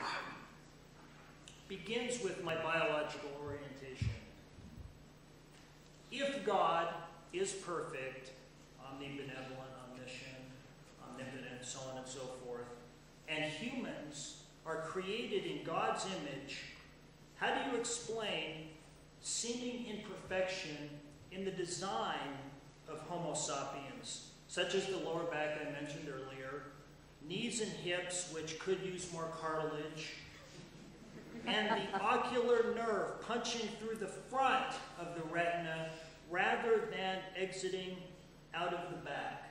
Uh, begins with my biological orientation. If God is perfect, omnibenevolent, omniscient, omnipotent, so on and so forth, and humans are created in God's image, how do you explain seeming imperfection in the design of Homo sapiens, such as the lower back I mentioned earlier, knees and hips, which could use more cartilage, and the ocular nerve punching through the front of the retina rather than exiting out of the back.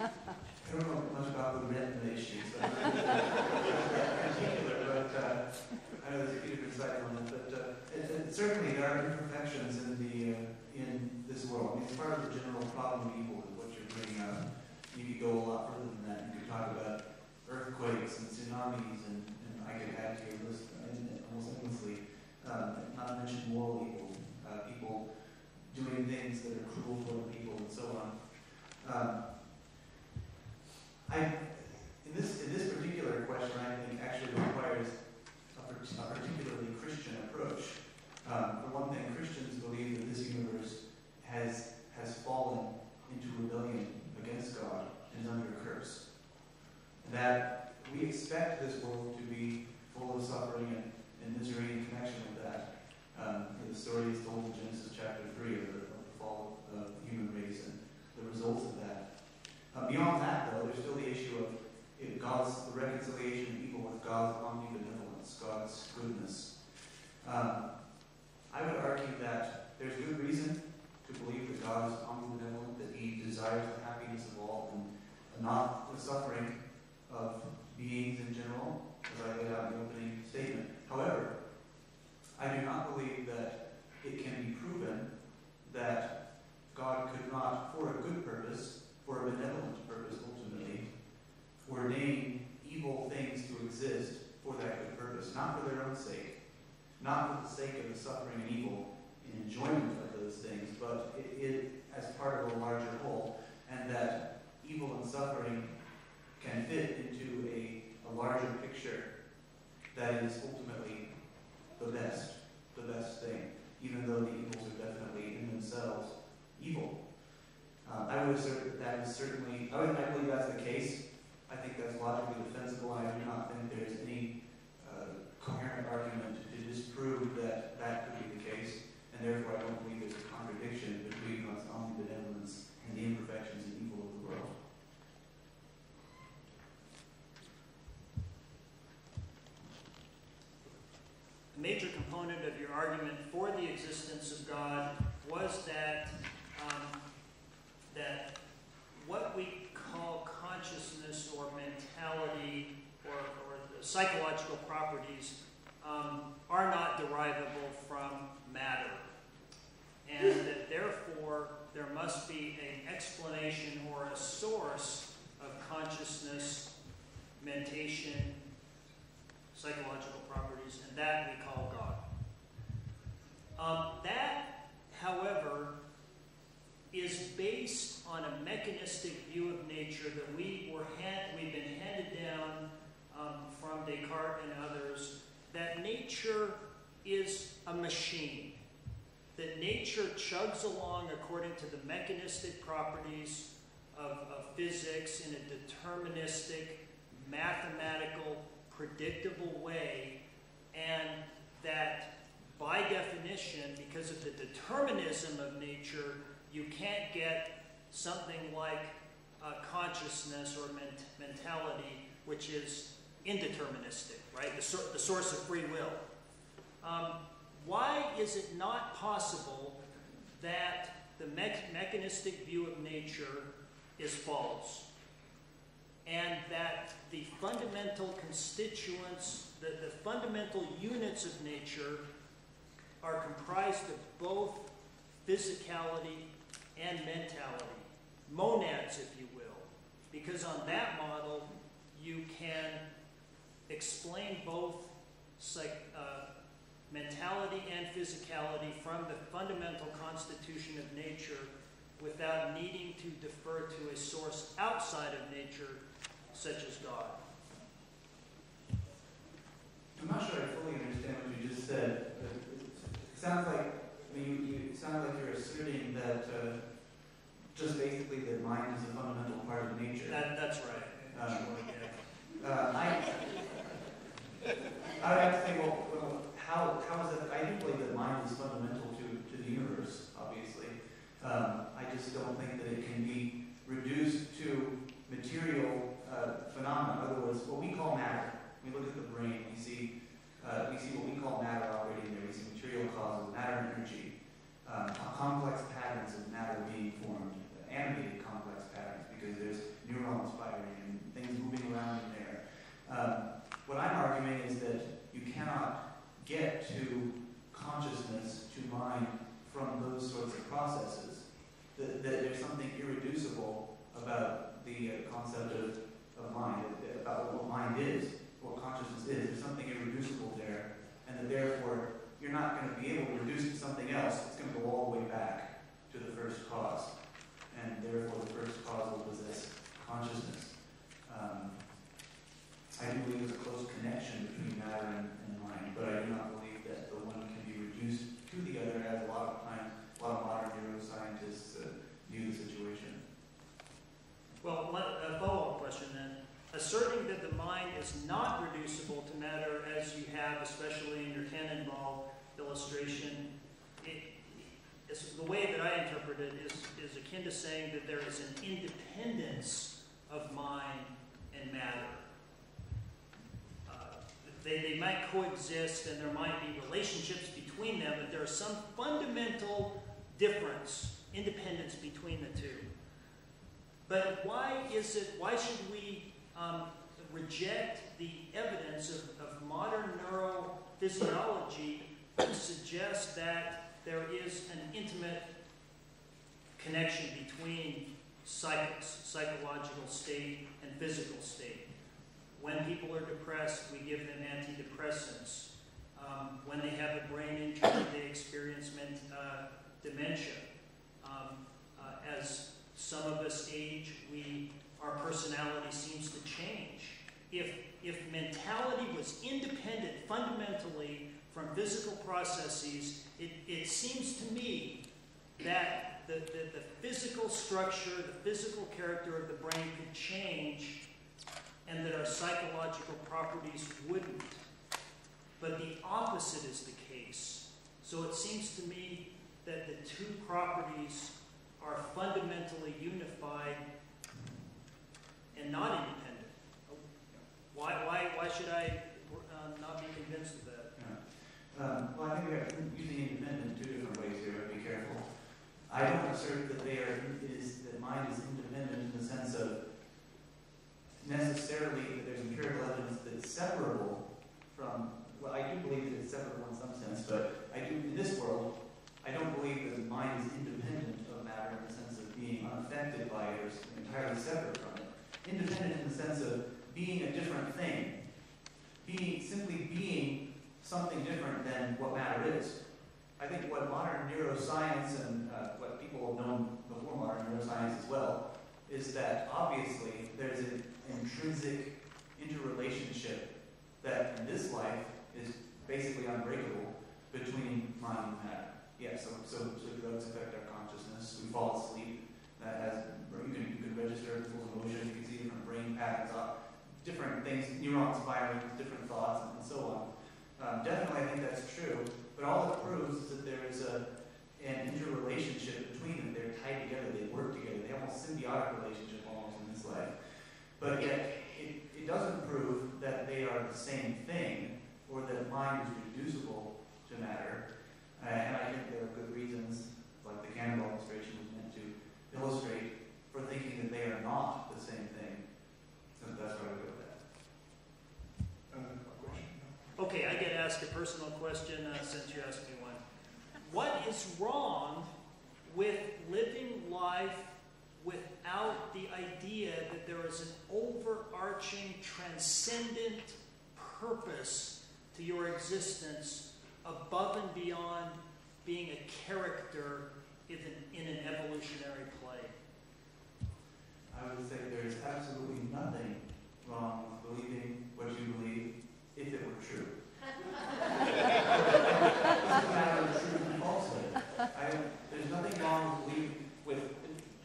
I don't know much about the retina issues, but, uh, uh, a good insight on it. But uh, certainly there are imperfections in the uh, in this world. I mean, it's part of the general problem of evil is what you're bringing up you could go a lot further than that. You could talk about earthquakes and tsunamis, and, and I could add to your list almost endlessly. Um, not mention moral evil, uh, people doing things that are cruel to other people, and so on. Um, I, in this in this particular question, I think actually requires a particularly Christian approach. Um, for one thing, Christians believe that this universe has has fallen into rebellion against God is under a curse. That we expect this world to be full of suffering and, and misery in connection with that. Um, the story is told in Genesis chapter 3 of the, of the fall of the human race and the results of that. Uh, beyond that, though, there's still the issue of God's reconciliation of evil with God's argument Um, that, however, is based on a mechanistic view of nature that we were hand, we've been handed down um, from Descartes and others that nature is a machine, that nature chugs along according to the mechanistic properties of, of physics in a deterministic, mathematical, predictable way, and that by definition, because of the determinism of nature, you can't get something like uh, consciousness or ment mentality, which is indeterministic, right? The, the source of free will. Um, why is it not possible that the me mechanistic view of nature is false? And that the fundamental constituents, the, the fundamental units of nature are comprised of both physicality and mentality, monads, if you will, because on that model, you can explain both psych, uh, mentality and physicality from the fundamental constitution of nature without needing to defer to a source outside of nature, such as God. I'm not sure I fully understand what you just said, sounds like I mean, you, you like you're asserting that uh, just basically the mind is a fundamental part of nature. That, that's right. uh, uh I, I have to say, well, well how, how is that? I do believe that mind is fundamental to, to the universe, obviously. Um, I just don't think that it that is, is akin to saying that there is an independence of mind and matter. Uh, they, they might coexist and there might be relationships between them, but there is some fundamental difference, independence between the two. But why is it, why should we um, reject the evidence of, of modern neurophysiology to suggest that there is an intimate connection between cycles, psychological state and physical state. When people are depressed, we give them antidepressants. Um, when they have a brain injury, they experience uh, dementia. Um, uh, as some of us age, we, our personality seems to change. If, if mentality was independent fundamentally from physical processes, it, it seems to me that the, the, the physical structure, the physical character of the brain could change and that our psychological properties wouldn't. But the opposite is the case. So it seems to me that the two properties are fundamentally unified and not independent. Why, why, why should I uh, not be convinced of that? Yeah. Um, well, I think we have to be independent in two different ways here, be careful. I don't assert that they are, is, that mind is independent in the sense of necessarily that there's empirical evidence that's separable from, well, I do believe that it's separable in some sense, but I do, in this world, I don't believe that mind is independent of matter in the sense of being unaffected by it or entirely separate from it. Independent in the sense of being a different thing. Being, simply being something different than what matter is. I think what modern neuroscience and uh, what people have known before modern neuroscience as well is that obviously there's an intrinsic interrelationship that in this life is basically unbreakable between mind and matter. Yeah, so, so, so drugs affect our consciousness. We fall asleep. That has you can, you can register people's emotions. You can see different brain patterns, uh, different things, neurons firing, different thoughts, and so on. Um, definitely, I think that's true. But all it proves is that there is a, an interrelationship between them. They're tied together. They work together. They have a symbiotic relationship almost in this life. But yet, it, it doesn't prove that they are the same thing or that mind is reducible to matter. Uh, and I think there are good reasons, like the cannibal illustration was meant to illustrate, for thinking that they are not the same thing. So that's why we go. Okay, I get asked a personal question uh, since you asked me one. What is wrong with living life without the idea that there is an overarching, transcendent purpose to your existence above and beyond being a character in an, in an evolutionary play? I would say there is absolutely nothing wrong with believing what you believe if it were true. it's a matter of truth and falsehood. I there's nothing wrong with believing, with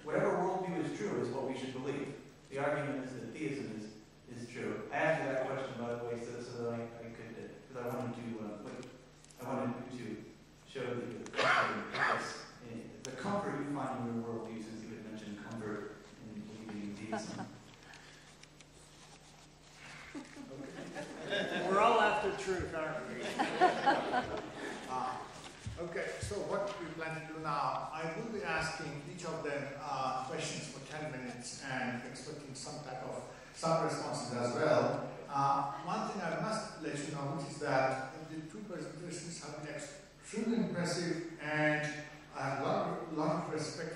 whatever worldview is true is what we should believe. The argument is that theism is, is true. I asked you that question, by the way, so, so that I, I could, because I wanted to, uh, put, I wanted to show the, the, the comfort you find in your worldview, since you had mentioned comfort in believing in theism. We're all after truth, aren't we? uh, okay, so what we plan to do now, I will be asking each of them uh, questions for 10 minutes and expecting some type of, some responses as well. Uh, one thing I must let you know, which is that the two presentations have been extremely impressive and I have a lot of, lot of respect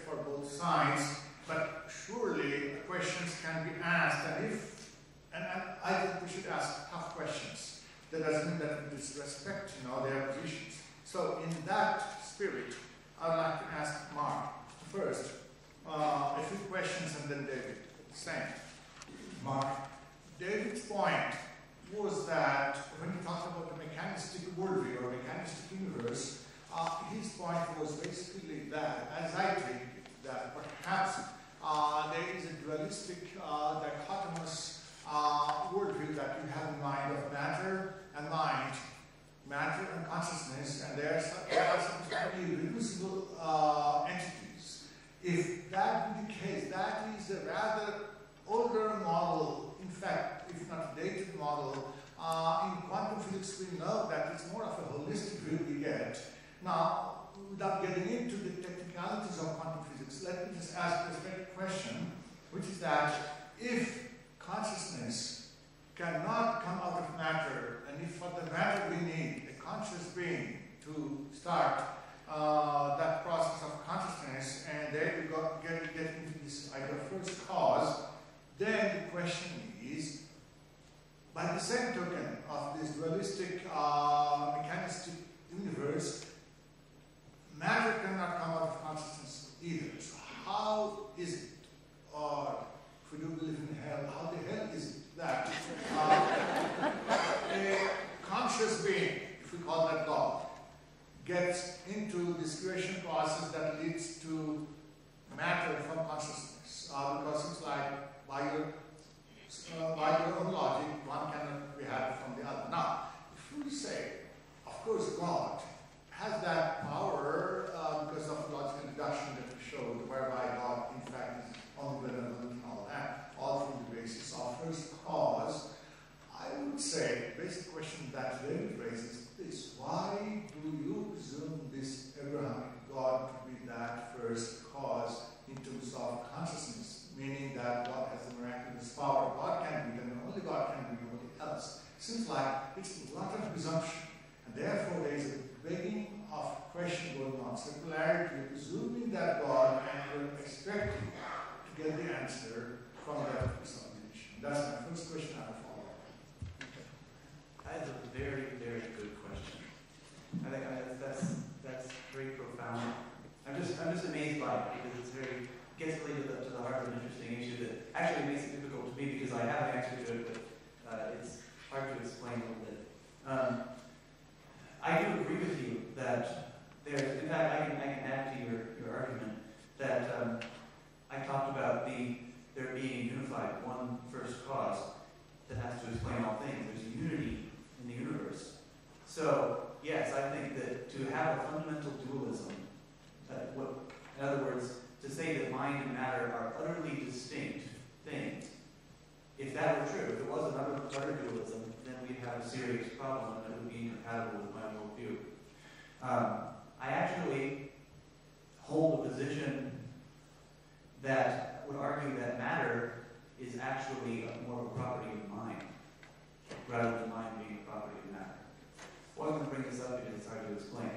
bring this up because it's hard to explain.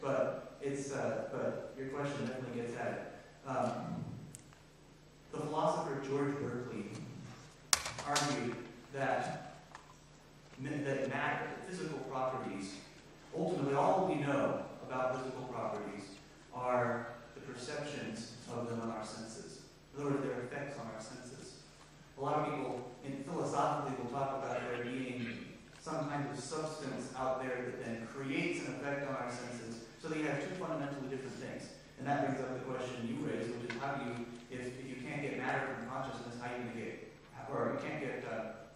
But it's uh, but your question definitely gets at it. Um, the philosopher George Berkeley argued that that matter, physical properties, ultimately all we know about physical properties are the perceptions of them on our senses. In other words, their effects on our senses. A lot of people, in philosophically, will talk about there being some kind of substance out there that then creates an effect on our senses. So they have two fundamentally different things. And that brings up the question you raised, which is how do you, if, if you can't get matter from consciousness, how are you going to get, or you can't get, uh,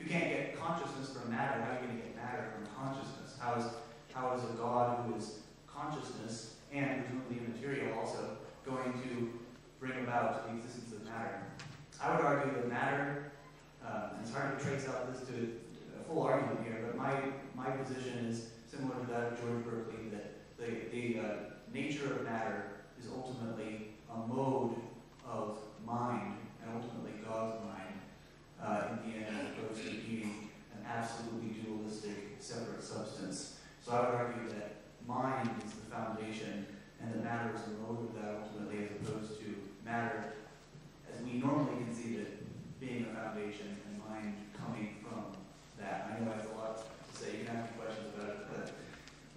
you can't get consciousness from matter, how are you going to get matter from consciousness? How is, how is a God who is consciousness and presumably immaterial also going to bring about the existence of matter? I would argue that matter, um, it's hard to trace out this to full argument here, but my, my position is similar to that of George Berkeley, that the, the uh, nature of matter is ultimately a mode of mind, and ultimately God's mind, uh, in the end, as opposed to being an absolutely dualistic, separate substance. So I would argue that mind is the foundation, and the matter is the mode of that ultimately, as opposed to matter, as we normally conceive it, being a foundation and mind coming from that. I know that's a lot to say. You can ask questions about it, but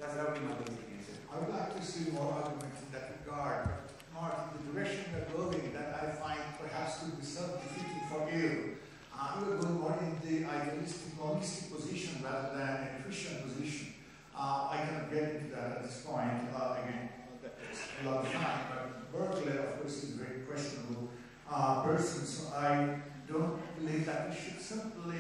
that's that would be my basic answer. I would like to see more arguments in that regard, Martin, the direction we're going that I find perhaps could be self-defeating for you. I uh, will go more in the idealistic, monistic position rather than a Christian position. Uh, I cannot get into that at this point. Uh, again, that's a lot of time, but Berkeley, of course, is a very questionable uh, person, so I don't believe that we should simply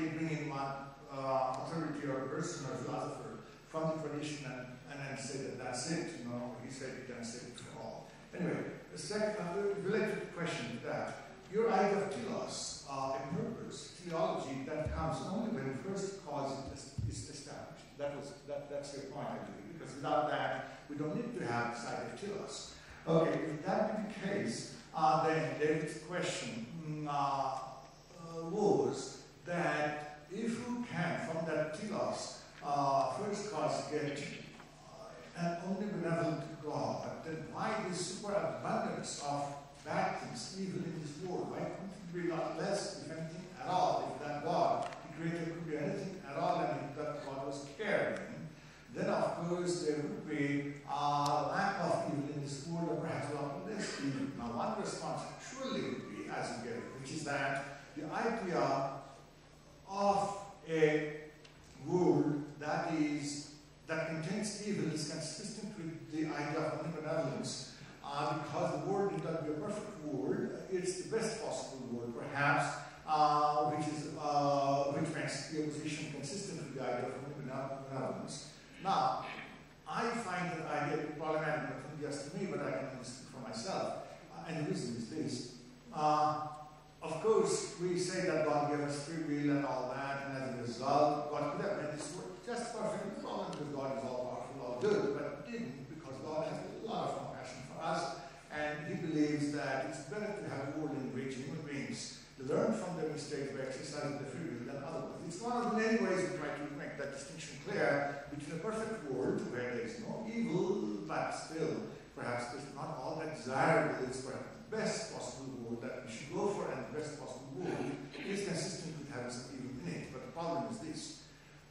person or philosopher from the tradition and, and then say that that's it. You know, he said you can't say it at all. Anyway, a second related question to that, your idea of telos, uh, a purpose, theology that comes only when first cause is established. That was that, that's your point, I believe, because without that, we don't need to have this idea of telos. Okay, if that be the case, uh, then David's question mm, uh, uh, was that if you can, from that telos, uh, first casket uh, and only benevolent God, then why this superabundance of bad things, even in this world? Why couldn't not less, if anything at all, if that God, the Creator could be anything at all, and if that God was caring, then of course there would be a lack of evil in this world, or perhaps a lot less evil. Now, one response surely would be, as you get it, which is that the idea of a world that is that contains evil is consistent with the idea of omnipotence uh, because the word is not a perfect word, it's the best possible word perhaps, uh, which, is, uh, which makes the opposition consistent with the idea of omnipotence. Now, I find that idea problematic, not just to me, but I can it for myself, uh, and the reason is this. Uh, of course, we say that God gave us free will and all that, and as a result, God could have made this just perfect. him, because God is all powerful, all good, but didn't, because God has a lot of compassion for us, and He believes that it's better to have old and rich human beings learn from their mistakes by exercising the free will than otherwise. It's one of the many ways we try to make that distinction clear between a perfect world where there is no evil, but still perhaps it's not all that desirable It's perhaps the best possible world that we should go for, and the best possible world is consistent with having some evil in it. But the problem is this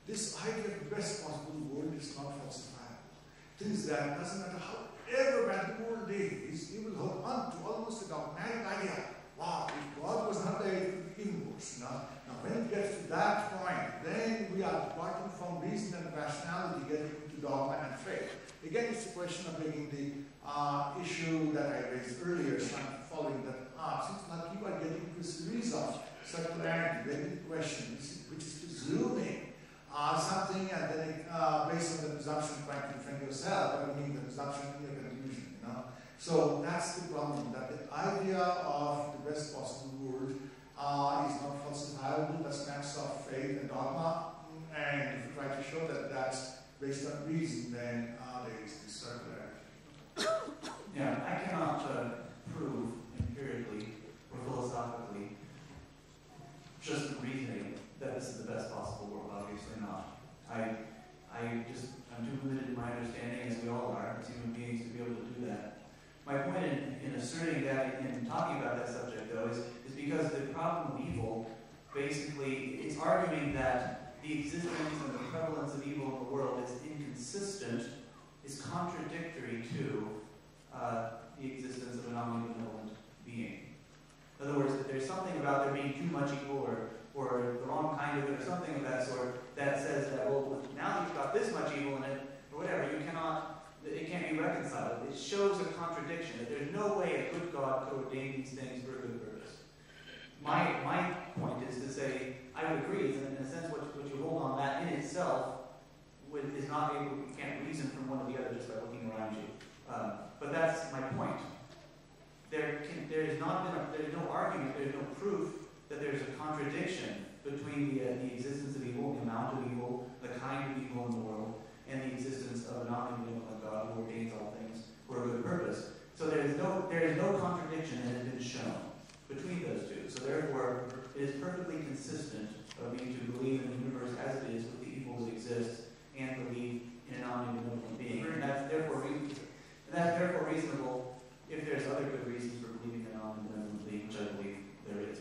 this high the best possible world is not falsifiable. Things that doesn't matter how ever bad the world is, you will hold on to almost a dogmatic idea. Wow, if God was not there, even worse. Now, now when it gets to that point, then we are departing from reason and rationality, getting into dogma and faith. Again, it's a question of bringing the uh, issue that I raised earlier, it's following that up. Since like you are getting to a series of circularity, bringing questions, which is presuming uh, something and then it, uh, based on the presumption trying to train yourself, I mean the presumption in your conclusion, you know. So that's the problem, that the idea of the best possible world uh, is not falsifiable, that's maps of faith and dogma, and if you try to show that that's based on reason, then uh, there is this circular Yeah, I cannot uh, prove empirically or philosophically just reasoning that this is the best possible world. Obviously not. I, I just, I'm too limited in my understanding, as we all are, as human beings, to be able to do that. My point in, in asserting that and talking about that subject, though, is, is because the problem of evil, basically, it's arguing that the existence and the prevalence of evil in the world is inconsistent, is contradictory to uh, the existence of an omnibenevolent being. In other words, that there's something about there being too much evil or or the wrong kind of it or something of that sort that says that, well, now you've got this much evil in it or whatever, you cannot, it can't be reconciled. It shows a contradiction that there's no way a good God could ordain these things for a good purpose. My, my point is to say, I would agree, in a sense, what, what you hold on that in itself with, is not able, you can't reason from one to the other just by looking around you. Um, but that's my point. There, can, there has not been, a, there's no argument, there's no proof that there's a contradiction between the, uh, the existence of evil, the amount of evil, the kind of evil in the world, and the existence of an omnibenevolent God who ordains all things for a good purpose. So there is no there is no contradiction that has been shown between those two. So therefore, it is perfectly consistent of me to believe in the universe as it is with the evil that exists and believe in an omnibenevolent being. And that's therefore and that's therefore reasonable if there's other good reasons for believing in an omnibenevolent being, which I believe there is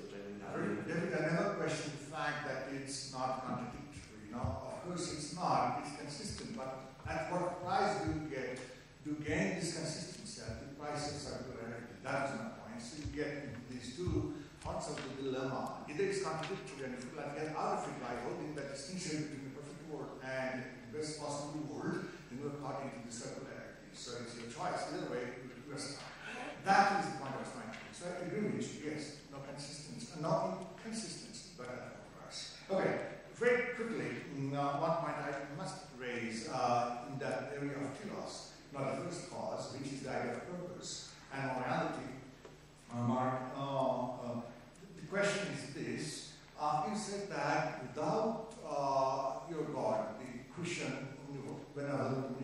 another question, the fact that it's not contradictory. Now, of course it's not, it's consistent, but at what price do you get to gain this consistency at the price of circularity? That's my point. So you get these two parts of the dilemma. Either it's contradictory and you like get out of it by holding that distinction between the perfect world and the best possible world, then we're caught into the circularity. So it's your choice. Either way, you're stuck. That is the point I was trying to make. So I agree with you, yes. Not consistency but of uh, course. Okay, very quickly, now mm, uh, one point I must raise uh, in that area of telos, not the first cause, which is the idea of purpose and morality. Uh, Mark, uh, uh, the question is this, uh, you said that without your God, the Christian, whenever the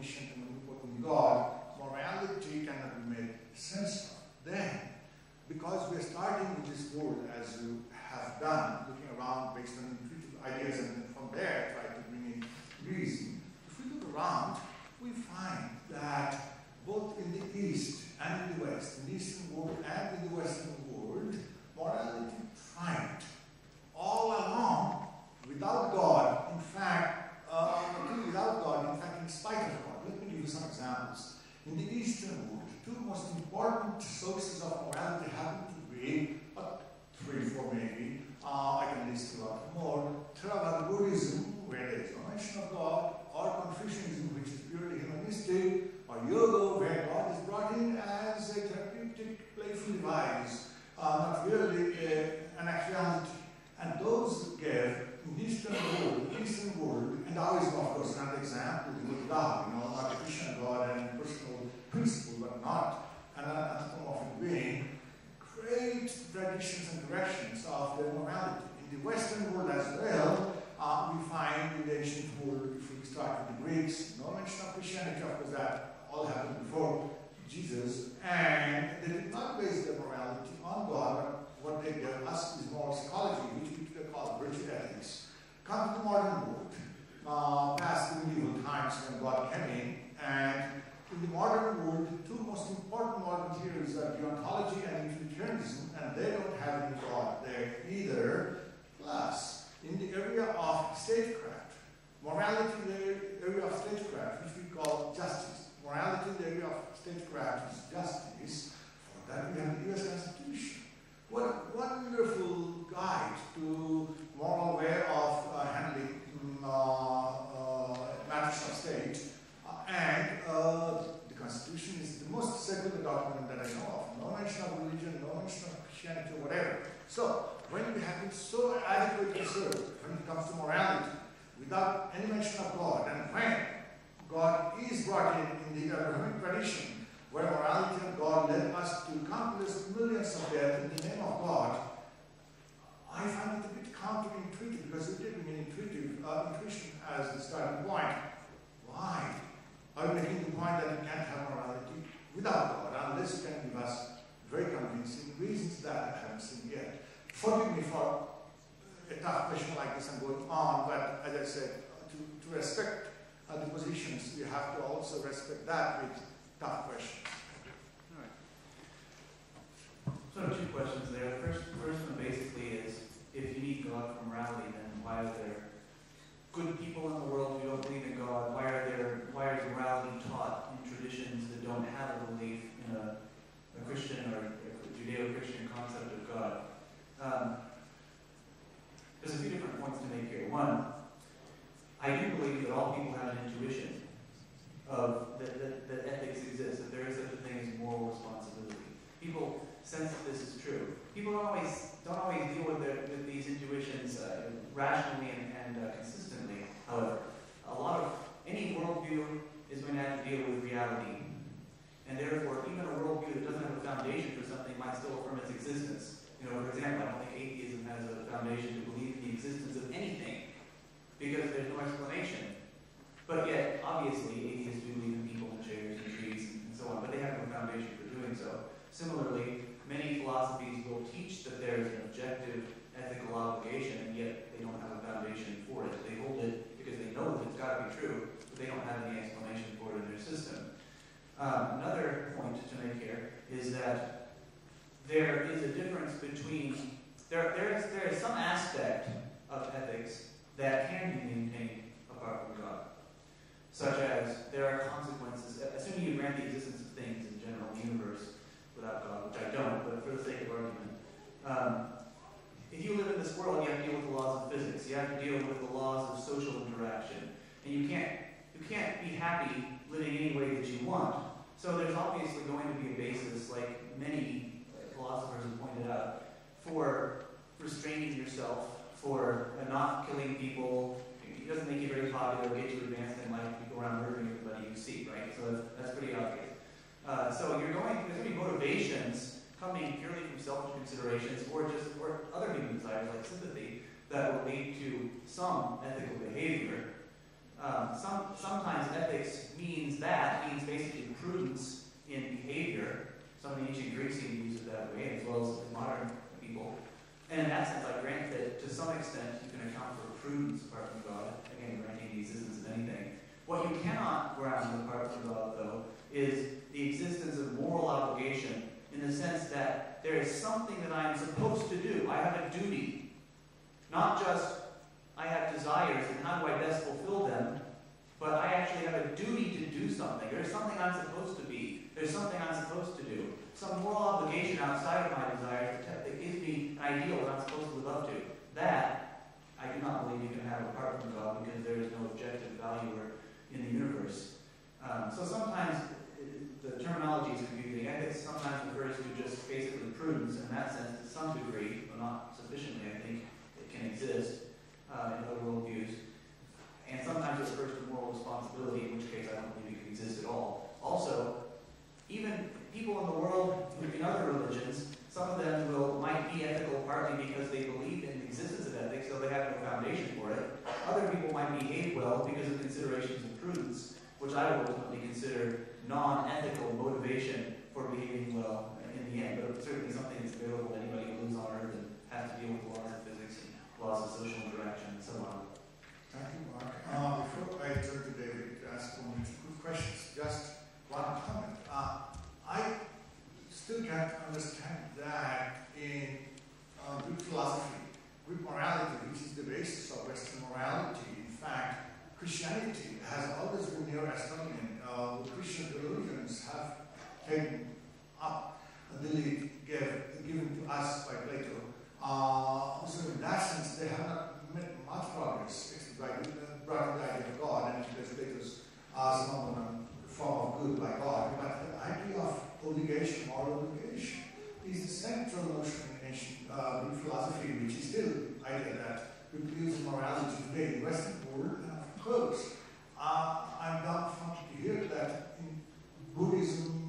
existence of anything because there's no explanation. But yet, obviously, atheists do believe in people and chairs and trees and so on, but they have no foundation for doing so. Similarly, many philosophies will teach that there is an objective ethical obligation, and yet they don't have a foundation for it. They hold it because they know that it's got to be true, but they don't have any explanation for it in their system. Um, another point to make here is that there is a difference between there, there, is, there is some aspect of ethics that can be maintained apart from God, such as there are consequences, assuming you grant the existence of things in general universe without God, which I don't, but for the sake of argument. Um, if you live in this world, you have to deal with the laws of physics. You have to deal with the laws of social interaction, and you can't you can't be happy living any way that you want. So there's obviously going to be a basis, like many philosophers have pointed out, for restraining yourself for not killing people. It doesn't make you very popular, get you advanced in life, you go around murdering everybody you see, right? So that's, that's pretty obvious. Uh, so you're going, there's going to be motivations coming purely from selfish considerations or just or other human desires like sympathy that will lead to some ethical behavior. Um, some, sometimes ethics means that, means basically prudence in behavior. Some of the ancient Greeks even used use it that way, as well as modern and in essence, I grant that to some extent you can account for prudence apart from God, again, granting the existence of anything. What you cannot ground apart from God, though, is the existence of moral obligation in the sense that there is something that I am supposed to do. I have a duty. Not just I have desires and how do I best fulfill them, but I actually have a duty to do something. There's something I'm supposed to be. There's something I'm supposed to do. Some moral obligation outside of my desires ideal we're not supposed to live up to. That, I do not believe you can have apart from God because there is no objective value in the universe. Um, so sometimes the terminology is confusing. Ethics sometimes refers to just basically prudence in that sense to some degree, but not sufficiently, I think, it can exist uh, in other worldviews. And sometimes it refers to moral responsibility, in which case I don't believe it can exist at all. Also, even people in the world in other religions some of them will, might be ethical partly because they believe in the existence of ethics, though they have no foundation for it. Other people might behave well because of considerations of prudence, which I would ultimately consider non-ethical motivation for behaving well in the end, but certainly something that's available to anybody who lives on Earth and has to deal with laws of physics and laws of social interaction and so on. Thank you, Mark. Uh, before I turn to David to ask one or two questions, just one comment. Uh, I still can't understand that in uh, Greek philosophy, Greek morality, which is the basis of Western morality, in fact, Christianity has always been near Estonian. Uh, Christian religions have taken up the lead give, given to us by Plato. Uh, so in that sense, they have not made much progress except by brought the uh, idea of God and because Plato's uh, form of good by God. But the idea of obligation, moral obligation, is the central notion in, uh, in philosophy, which is still idea that reveals morality today, the Western world, and of course, uh, I'm not fond to hear that in Buddhism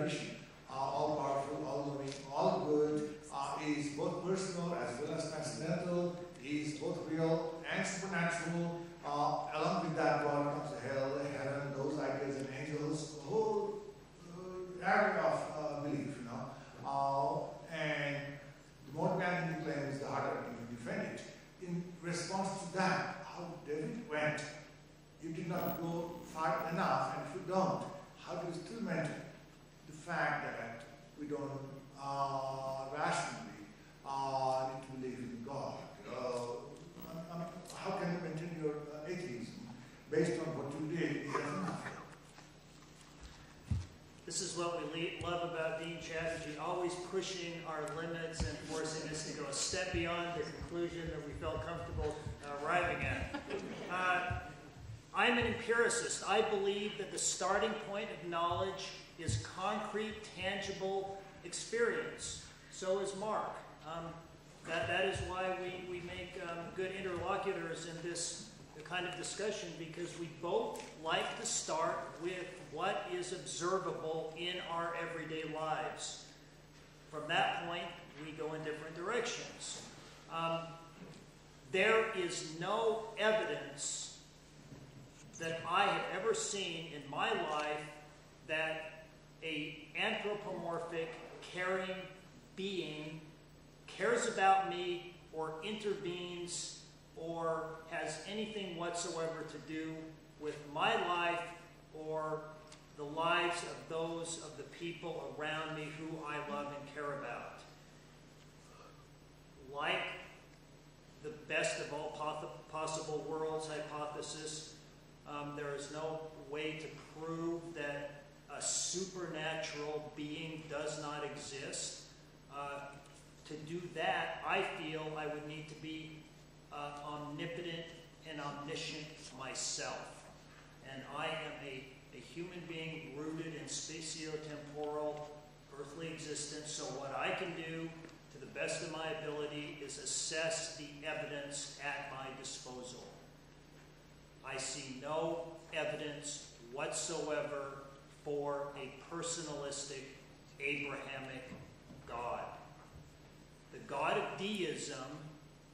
generation. is concrete, tangible experience. So is Mark. Um, that, that is why we, we make um, good interlocutors in this kind of discussion because we both like to start with what is observable in our everyday lives. From that point, we go in different directions. Um, there is no evidence that I have ever seen in my life that a anthropomorphic, caring being cares about me or intervenes or has anything whatsoever to do with my life or the lives of those of the people around me who I love and care about. Like the best of all possible worlds hypothesis, um, there is no way to prove that a supernatural being does not exist. Uh, to do that, I feel I would need to be uh, omnipotent and omniscient myself. And I am a, a human being rooted in spatiotemporal earthly existence, so what I can do to the best of my ability is assess the evidence at my disposal. I see no evidence whatsoever for a personalistic Abrahamic God. The God of deism,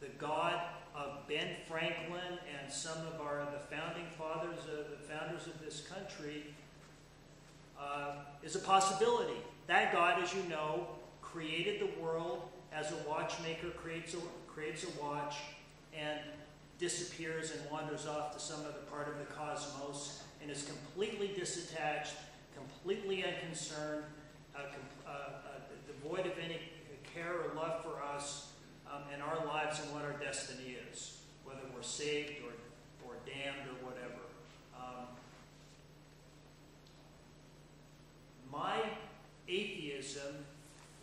the God of Ben Franklin and some of our the founding fathers, of, the founders of this country, uh, is a possibility. That God, as you know, created the world as a watchmaker creates a, creates a watch and disappears and wanders off to some other part of the cosmos and is completely disattached completely unconcerned, uh, uh, devoid of any care or love for us um, and our lives and what our destiny is, whether we're saved or, or damned or whatever. Um, my atheism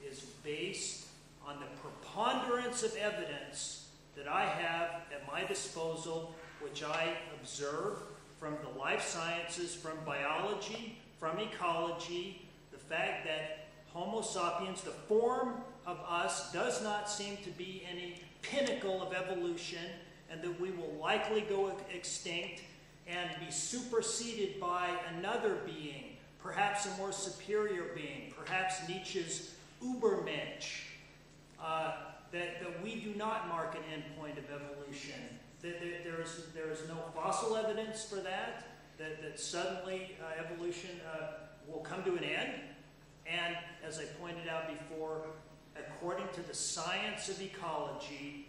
is based on the preponderance of evidence that I have at my disposal, which I observe from the life sciences, from biology, from ecology, the fact that Homo sapiens, the form of us, does not seem to be any pinnacle of evolution, and that we will likely go extinct and be superseded by another being, perhaps a more superior being, perhaps Nietzsche's Ubermensch. Uh, that, that we do not mark an endpoint of evolution. That there, is, there is no fossil evidence for that that, that suddenly uh, evolution uh, will come to an end. And as I pointed out before, according to the science of ecology,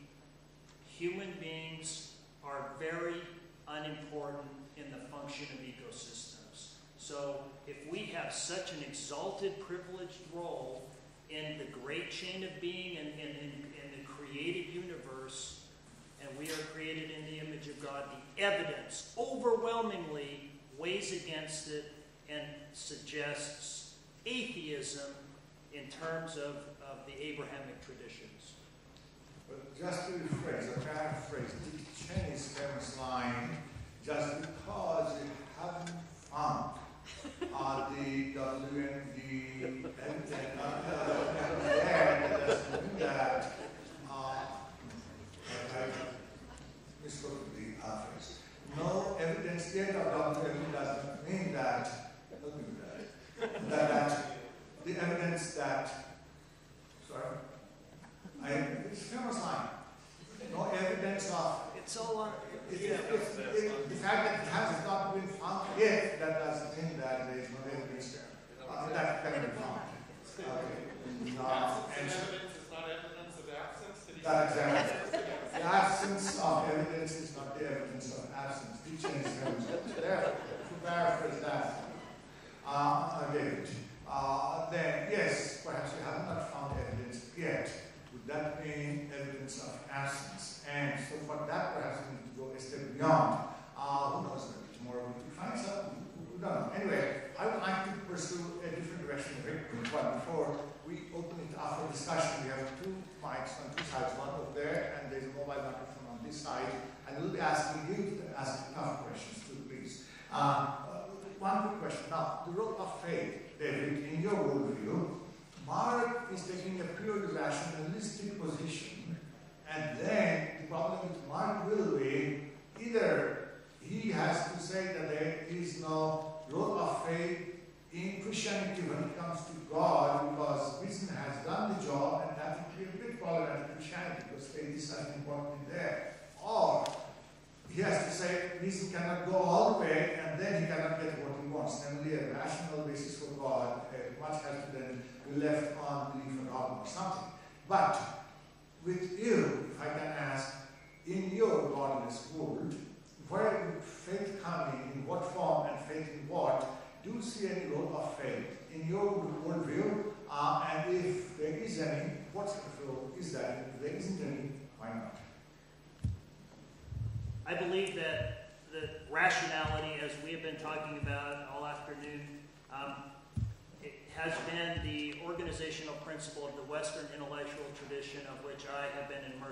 human beings are very unimportant in the function of ecosystems. So if we have such an exalted, privileged role in the great chain of being and in, the created universe, and we are created in the image of God, the evidence overwhelmingly weighs against it and suggests atheism in terms of, of the Abrahamic traditions. But just to rephrase, a paraphrase, Dick Cheney's famous line, just because you haven't found uh, the WMD and, and, uh, principle to be perfect. No evidence, state Dr. doctor does not mean that, help me with that, that, that the evidence that, sorry, I, it's a famous line, no evidence of. It's all on. the fact that it has not been found yet, that doesn't mean that there is no evidence there. Uh, that can be found. Okay. Not, absence is not evidence of absence. That exactly absence of evidence is not the evidence of absence. Teaching is to that? to paraphrase that.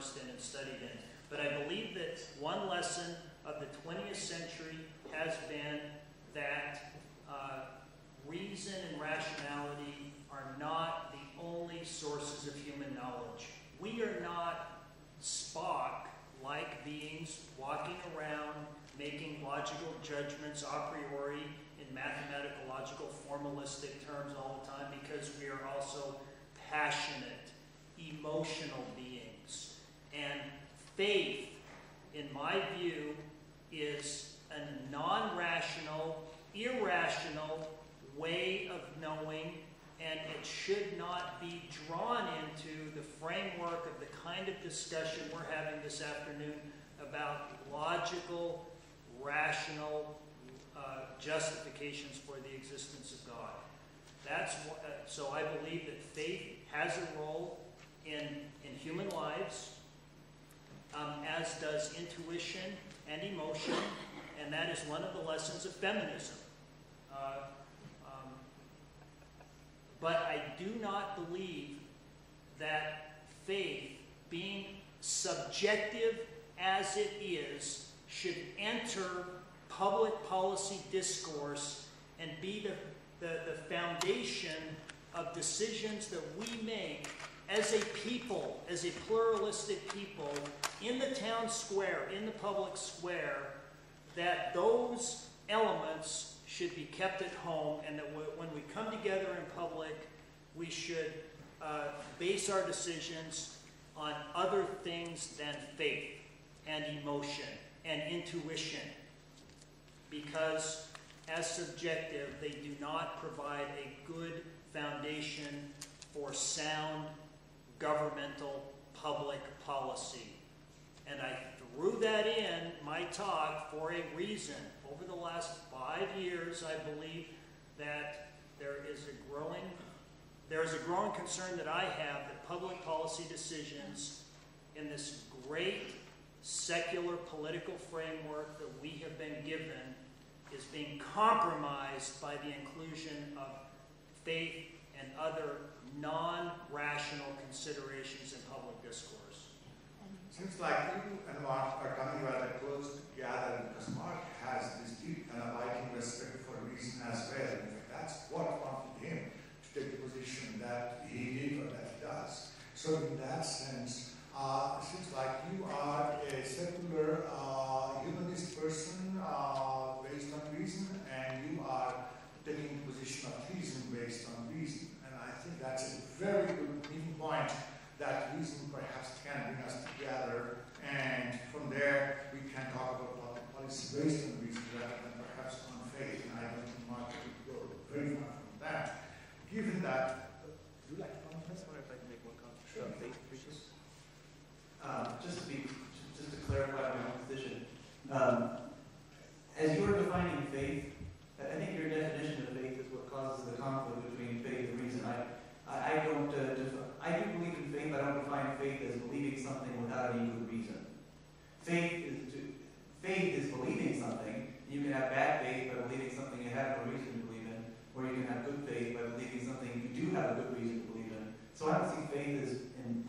immersed in and studied in. But I believe that one lesson of the 20th century has been that uh, reason and rationality are not the only sources of human knowledge. We are not Spock like beings walking around making logical judgments a priori in mathematical, logical, formalistic terms all the time because we are also passionate, emotional beings and faith, in my view, is a non rational, irrational way of knowing, and it should not be drawn into the framework of the kind of discussion we're having this afternoon about logical, rational uh, justifications for the existence of God. That's what, uh, so I believe that faith has a role in, in human lives um, as does intuition and emotion, and that is one of the lessons of feminism. Uh, um, but I do not believe that faith, being subjective as it is, should enter public policy discourse and be the, the, the foundation of decisions that we make as a people, as a pluralistic people, in the town square, in the public square, that those elements should be kept at home and that when we come together in public, we should uh, base our decisions on other things than faith and emotion and intuition because as subjective, they do not provide a good foundation for sound governmental public policy. And I threw that in my talk for a reason. Over the last five years, I believe that there is a growing there is a growing concern that I have that public policy decisions in this great secular political framework that we have been given is being compromised by the inclusion of faith and other non-rational considerations in public discourse. Seems like you and Mark are coming rather close together because Mark has this deep and abiding respect for reason as well. In fact, that's what prompted him to take the position that he did or that he does. So in that sense, uh, it seems like you are a secular uh, humanist person uh, based on reason and you are taking the position of reason based on that's a very good point that reason perhaps can bring us together and from there we can talk about public policy based on reason rather than perhaps on faith. And I don't think Mark would go very far from that. Given that, would you like to comment? I wonder if I can make one comment. Sure. Faith preaches. Um, just to be, just to clarify my own position, um, as you are defining faith, I think your definition of faith is what causes the conflict between faith and reason. I, I, don't, uh, def- I do believe in faith, but I don't define faith as believing something without any good reason. Faith is, to, faith is believing something. You can have bad faith by believing something you have no reason to believe in, or you can have good faith by believing something you do have a good reason to believe in. So I don't see faith as, in,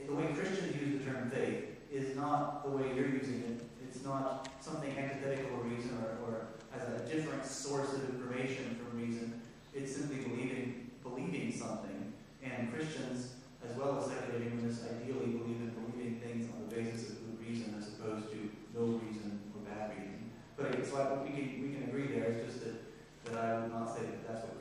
in the way Christians use the term faith, is not the way you're using it. It's not something antithetical to reason or, or as a different source of information from reason. It's simply believing, believing something. And Christians, as well as secular humanists, ideally believe in believing things on the basis of good reason as opposed to no reason or bad reason. But so I, we, can, we can agree there. It's just that, that I would not say that that's what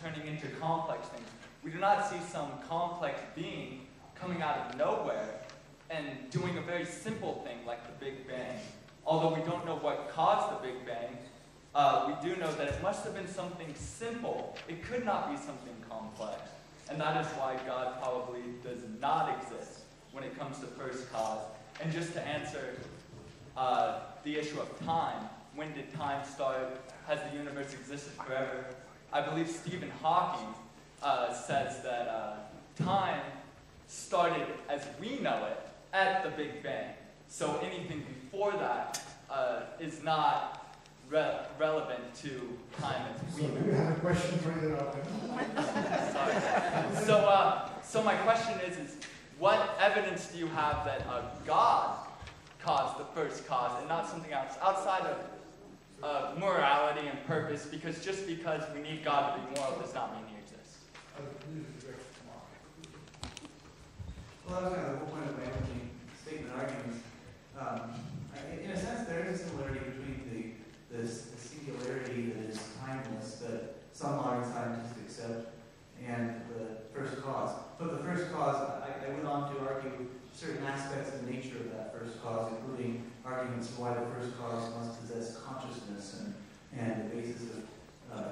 turning into complex things. We do not see some complex being coming out of nowhere and doing a very simple thing like the Big Bang. Although we don't know what caused the Big Bang, uh, we do know that it must have been something simple. It could not be something complex. And that is why God probably does not exist when it comes to first cause. And just to answer uh, the issue of time, when did time start? Has the universe existed forever? I believe Stephen Hawking uh, says that uh, time started as we know it at the Big Bang. So anything before that uh, is not re relevant to time as we so You have a question for it up. Sorry. So, uh, so my question is, is what evidence do you have that a uh, God caused the first cause and not something else outside of of morality and purpose because just because we need God to be moral does not mean He exists. Well, I was kind of the whole point of my statement arguments. Um, in a sense, there is a similarity between the, this singularity that is timeless that some modern scientists accept and the first cause. But the first cause, I, I went on to argue certain aspects of the nature of that first cause, including arguments for why the first cause must possess consciousness and, and the basis of uh,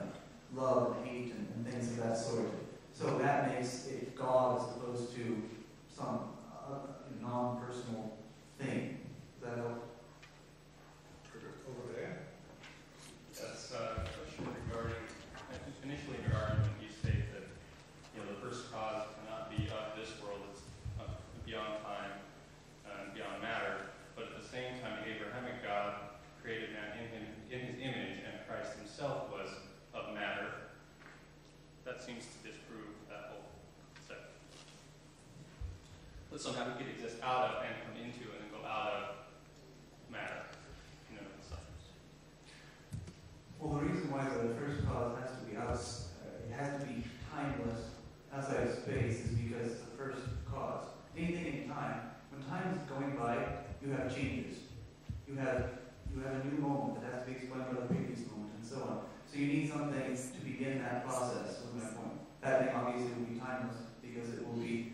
love and hate and, and, things of that sort. So that makes it God as opposed to some uh, non-personal thing. Does that help? Over there. That's a uh, question regarding but somehow we could exist out of and come into and go out of matter. You know, well, the reason why the first cause has to be us, uh, it has to be timeless outside of space is because it's the first cause. Anything in time, when time is going by, you have changes. You have you have a new moment that has to be explained by the previous moment, and so on. So you need something to begin that process. Was my point. That thing obviously will be timeless because it will be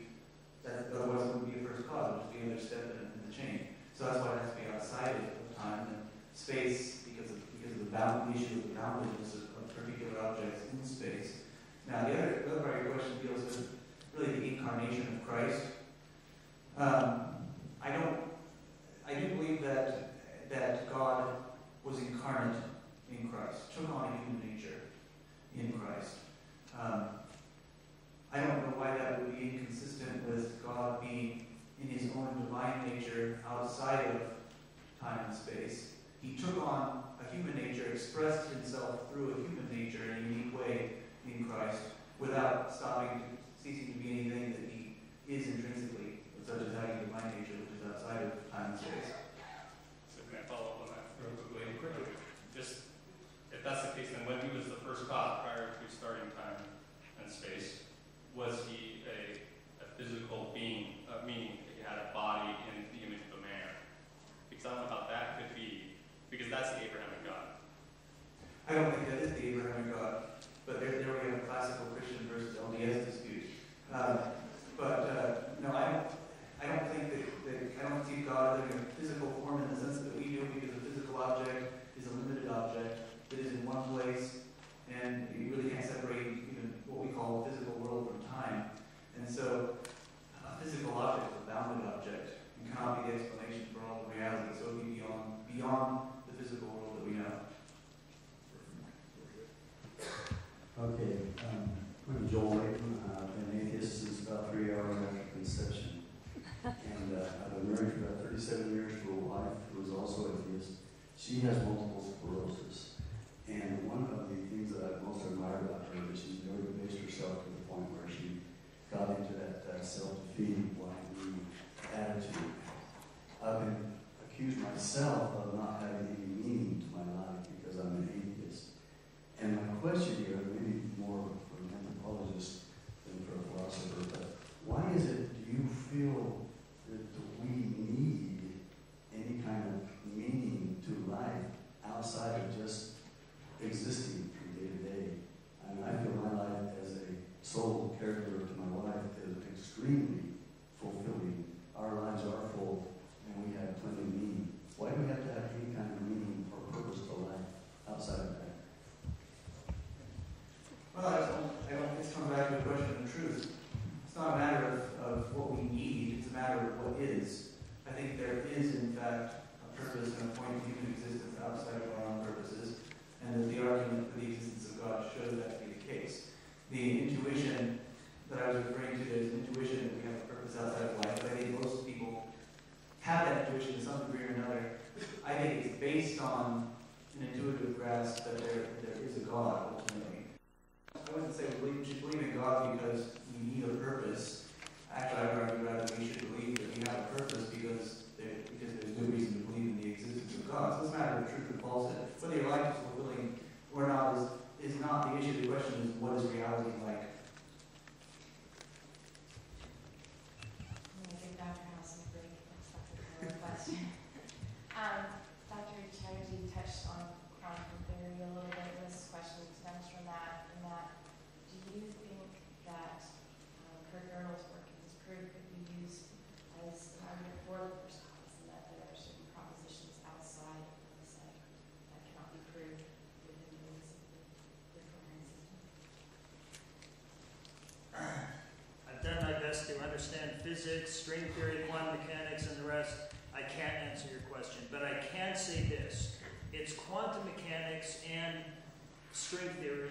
that otherwise wouldn't be a first cause, it would just be another step in, in the chain. So that's why it has to be outside of time and space because of, because of the bound issue of the boundedness of, of particular objects in space. Now, the other, the other part of your question deals with really the incarnation of Christ. Um, I don't, I do believe that that God was incarnate in Christ, took on a human nature in Christ. Um, I don't know why that would be inconsistent with God being in his own divine nature outside of time and space. He took on a human nature, expressed himself through a human nature in a unique way in Christ without stopping, ceasing to be anything that he is intrinsically, such as having a divine nature which is outside of time and space. So can I follow up on that real quickly? Quickly. Just, if that's the case, then when he was the first God prior to starting time and space, was he a, a physical being, uh, meaning that he had a body in the image of a man? Because I don't know how that could be, because that's the Abrahamic God. I don't think that is the Abrahamic God, but there, there we have a classical Christian versus LDS dispute. Um, but uh, no, I don't, I don't think that, that I don't see God living in a physical form in the sense that we God. to understand physics, string theory, quantum mechanics, and the rest, I can't answer your question. But I can say this it's quantum mechanics and string theory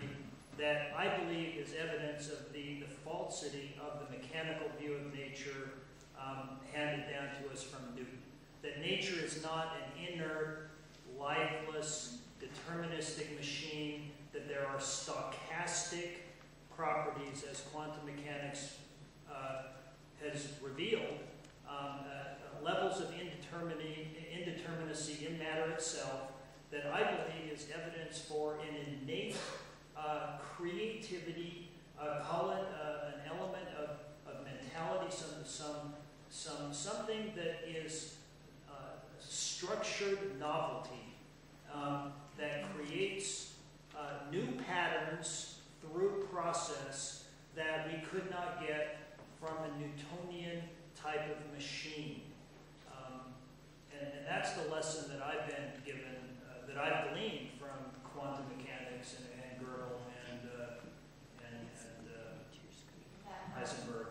that I believe is evidence of the, the falsity of the mechanical view of nature um, handed down to us from Newton. That nature is not an inert, lifeless, deterministic machine, that there are stochastic properties, as quantum mechanics uh, has revealed um, uh, uh, levels of indeterminacy in matter itself that I believe is evidence for an innate creativity, call it an element of, of mentality, some, some, some, something that is structured novelty um, that creates uh, new patterns through process that we could not get from a Newtonian type of machine. Um, and, and, that's the lesson that I've been given, uh, that I've gleaned from quantum mechanics and, and and, uh, and, and uh, Heisenberg.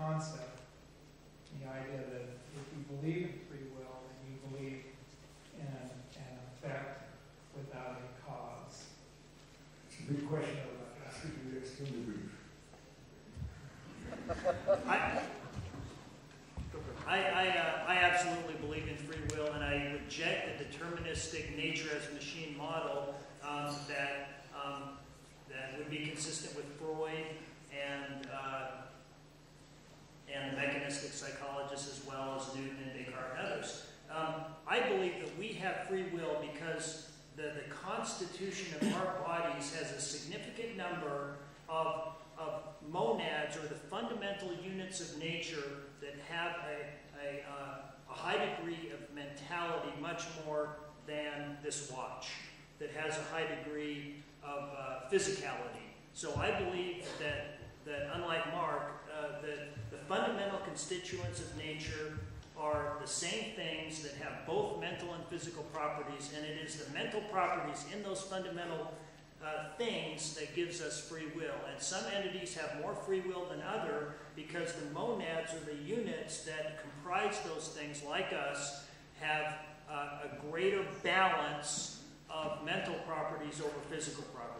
concept. The idea that if you believe in free will, then you believe in an effect without a cause. It's a big question. i to be I, I, I, uh, I absolutely believe in free will, and I reject the deterministic nature as machine model um, that um, that would be consistent with Freud and the mechanistic psychologists as well as Newton and Descartes and others. Um, I believe that we have free will because the, the constitution of our bodies has a significant number of, of monads or the fundamental units of nature that have a, a, uh, a high degree of mentality much more than this watch that has a high degree of uh, physicality. So I believe that that unlike Mark, uh, that the fundamental constituents of nature are the same things that have both mental and physical properties, and it is the mental properties in those fundamental uh, things that gives us free will. And some entities have more free will than other because the monads or the units that comprise those things, like us, have uh, a greater balance of mental properties over physical properties.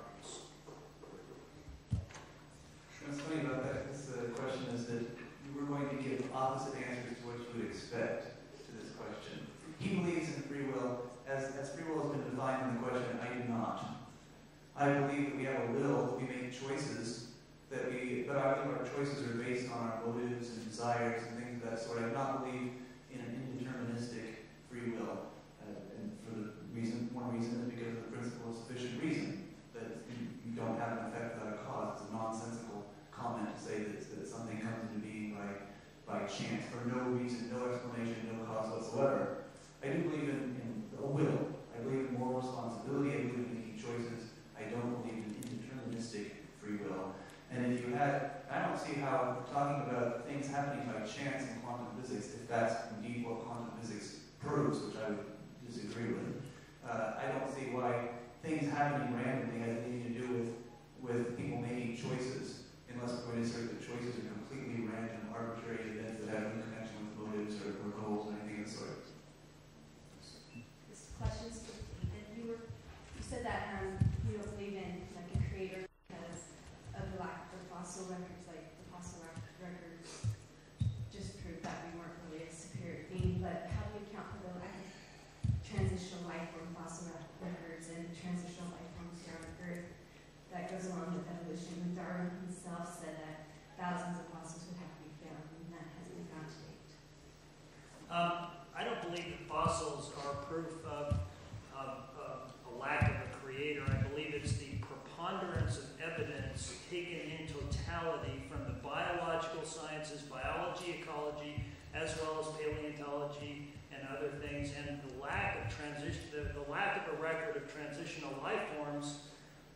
What's funny about that The question is that you were going to give opposite answers to what you would expect to this question. He believes in free will as, as free will has been defined in the question. I do not. I believe that we have a will, we make choices, that we, but I think our choices are based on our motives and desires and things of that sort. I do not believe things and the lack of transition, the, the lack of a record of transitional life forms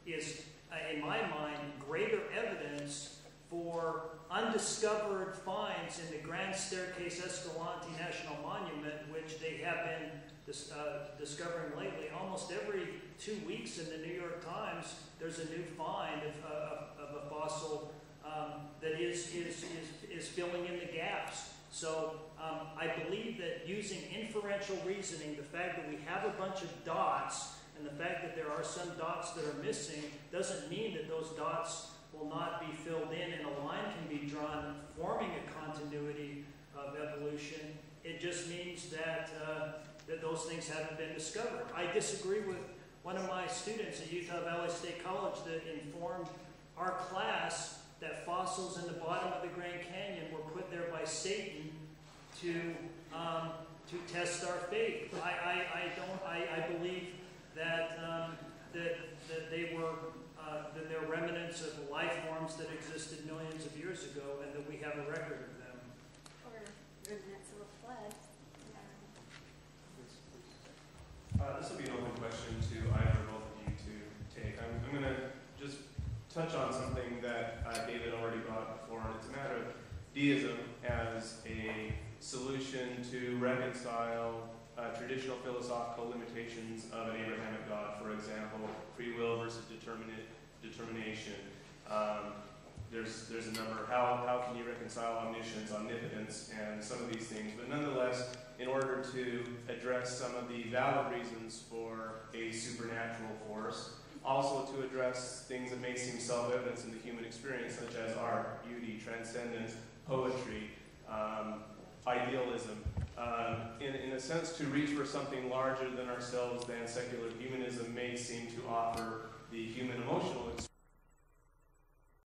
is, uh, in my mind, greater evidence for undiscovered finds in the Grand Staircase Escalante National Monument, which they have been dis uh, discovering lately. Almost every two weeks in the New York Times, there's a new find of, uh, of a fossil um, that is, is, is, is filling in the gaps. So um, I believe that using inferential reasoning, the fact that we have a bunch of dots and the fact that there are some dots that are missing doesn't mean that those dots will not be filled in and a line can be drawn forming a continuity of evolution. It just means that, uh, that those things haven't been discovered. I disagree with one of my students at Utah Valley State College that informed our class that fossils in the bottom of the Grand Canyon were put there by Satan to um, to test our faith. I, I, I don't I, I believe that um, that that they were uh, that they're remnants of life forms that existed millions of years ago, and that we have a record of them. Or remnants of a flood. Yeah. Uh, this will be an open question to either or both of you to take. I'm, I'm going to touch on something that uh, David already brought up before, and it's a matter of deism as a solution to reconcile uh, traditional philosophical limitations of an Abrahamic God, for example, free will versus determination. Um, there's, there's a number. How, how can you reconcile omniscience, omnipotence, and some of these things? But nonetheless, in order to address some of the valid reasons for a supernatural force, also to address things that may seem self-evident in the human experience, such as art, beauty, transcendence, poetry, um, idealism. Um, in, in a sense, to reach for something larger than ourselves than secular humanism may seem to offer the human emotional experience.